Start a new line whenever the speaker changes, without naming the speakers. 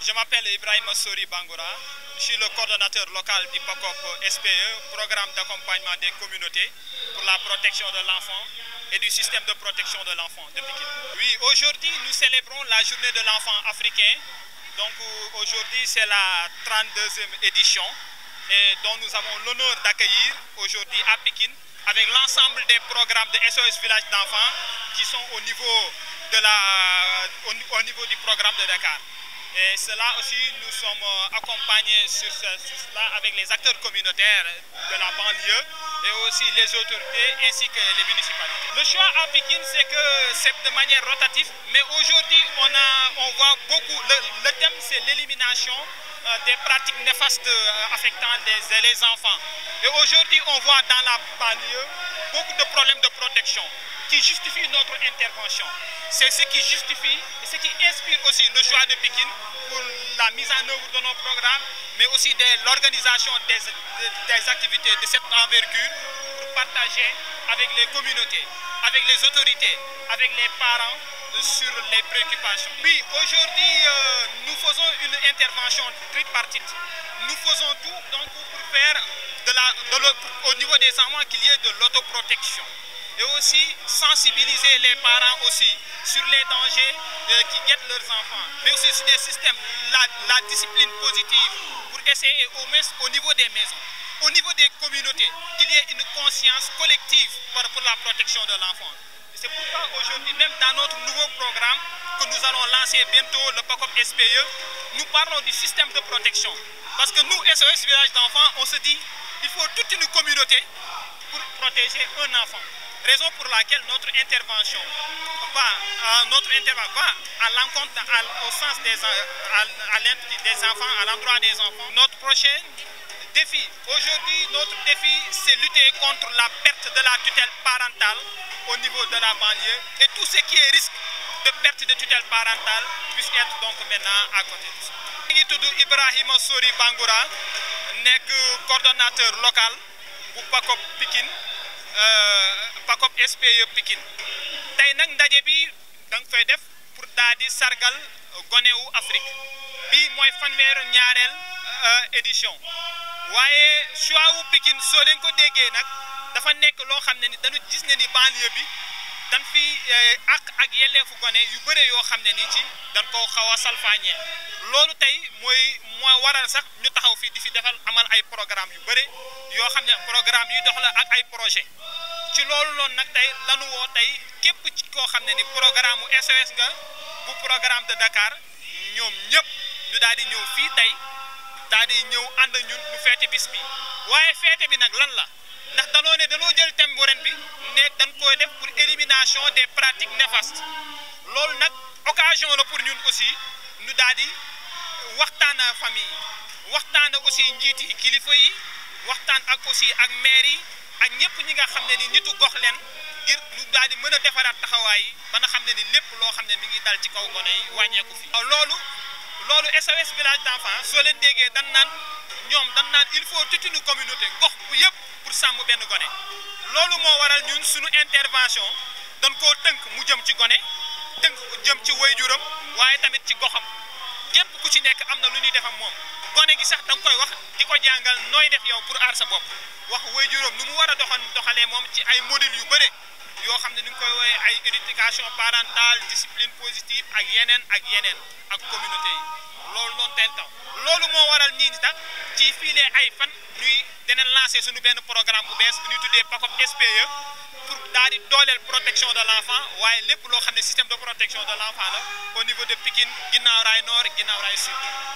Je m'appelle Ibrahim Sori Bangoura, je le coordonnateur local du PACOP SPE, des communautés la protection de l'enfant et du système protection de l'enfant de Pékin. Oui, aujourd'hui nous de l'enfant africain. Donc aujourd'hui c'est la 32e édition et dont nous avons l'honneur d'accueillir aujourd'hui des programmes de SOS Village d'enfants qui sont au niveau la niveau de Dakar. Et cela aussi, nous sommes euh, accompagnés sur, ce, sur, cela avec les acteurs communautaires de la banlieue et aussi les autorités ainsi que les municipalités. Le choix à Pékin, c'est que c'est de manière rotative, mais aujourd'hui, on, a, on voit beaucoup, le, le thème c'est l'élimination Euh, des pratiques néfastes euh, affectant les, les enfants. Et aujourd'hui, on voit dans la banlieue beaucoup de problèmes de protection qui justifient notre intervention. C'est ce qui justifie et ce qui inspire aussi le choix de Pékin pour la mise en œuvre de nos programmes, mais aussi de l'organisation des, des, des activités de cette partager avec les communautés, avec les autorités, avec les parents sur les préoccupations. Oui, aujourd'hui, euh, nous faisons une intervention tripartite. Nous faisons tout donc, pour faire de la, au niveau des enfants qu'il y ait de l'autoprotection et aussi sensibiliser les parents aussi sur les dangers euh, qui guettent leurs enfants, mais aussi sur des systèmes, la, la discipline positive pour essayer au, au niveau des maisons, au niveau des communautés, qu'il y ait une conscience collective pour la protection de l'enfant. C'est pourquoi aujourd'hui, même dans notre nouveau programme que nous allons lancer bientôt, le PACOP SPE, nous parlons du système de protection. Parce que nous, SOS Village d'enfants, on se dit il faut toute une communauté pour protéger un enfant. Raison pour laquelle notre intervention va, euh, à l'encontre, à, euh, à des enfants, à l'endroit des enfants. Notre prochaine défi. Aujourd'hui, notre défi, c'est lutter contre la perte de la tutelle parentale au niveau de la banlieue et tout ce qui est risque de perte de tutelle parentale puisse être donc maintenant à côté de ça. mi ngi tudd Ibrahima Sori Bangoura nekk coordonnateur local bu PACOP Pikine euh, PACOP SPE Pikine tey nag ndaje bi da nga fay def pour daal di sargal gone wu Afrique bi mooy fanweeru ñaareel euh, édition waaye choix wu Pikine soo leen ko déggee nag dafa nekk loo xam ne ni dañu gis ne ni banlieue bi dañ fi ak eh, ak yelleefu gone yu bëre yoo xam ne ni ci dañ ko xaw a salfaañee loolu tey mooy moo waral sax ñu taxaw fi di fi defal amal ay programme yu bëre yoo xam ne programme yuy dox la ak ay projet ci loolu lool nag tey lanu woo tey képp ci koo xam ne ni programme mu SOS ga bu programme de Dakar ñoom ñëpp ñu daal di ñëw fii tey daal di ñëw ànd ñun ñu feete bis bi waaye feete bi nag lan la ndax danoo ne danoo jël thème bi ne dañ koy def pour élimination des pratiques néfastes loolu nag occasion la pour ñun aussi nu daal di waxtaana fami yi waxtaana aussi njiit yi kilifa yi waxtaan ak aussi ak maire yi ak ñëpp ñi nga xam ne ni nitu gox leen ngir ñu daal di mën a defaraat taxawaay yi ba nga xam ne ni lépp loo xam ne mi ngi dal ci kaw gone yi wàññeeku fi loolu loolu SOS village d'enfants soo leen déggee dan naan ñoom dan naan il faut toute une communauté gox bu yëpp pour sàmm benn gone loolu moo waral ñun suñu intervention dañ koo tënk mu jëm ci gone tënk mu jëm ci waajuram waaye tamit ci goxam képp ku ci nekk am na lu ñuy def ak moom gone gi sax da nga koy wax di ko jàngal nooy def yow pour aar sa bopp wax waajuram nu mu war a doxan doxalee moom ci ay modèles yu bëre yoo xam ne ni nga koy woowee ay éducation parentale discipline positive ak yeneen ak yeneen ak communauté yi loolu noonu teen taw loolu moo waral nii tax ci fiilee ay fan ñuy danañ lancer suñu benn programme bu bees bu ñuy tuddee PACOP SPE pour daal di dooleel protection de l' waaye lépp loo xam ne système de protection de l' la au niveau de Pikine ginnaaw raay nord ginnaaw raay sud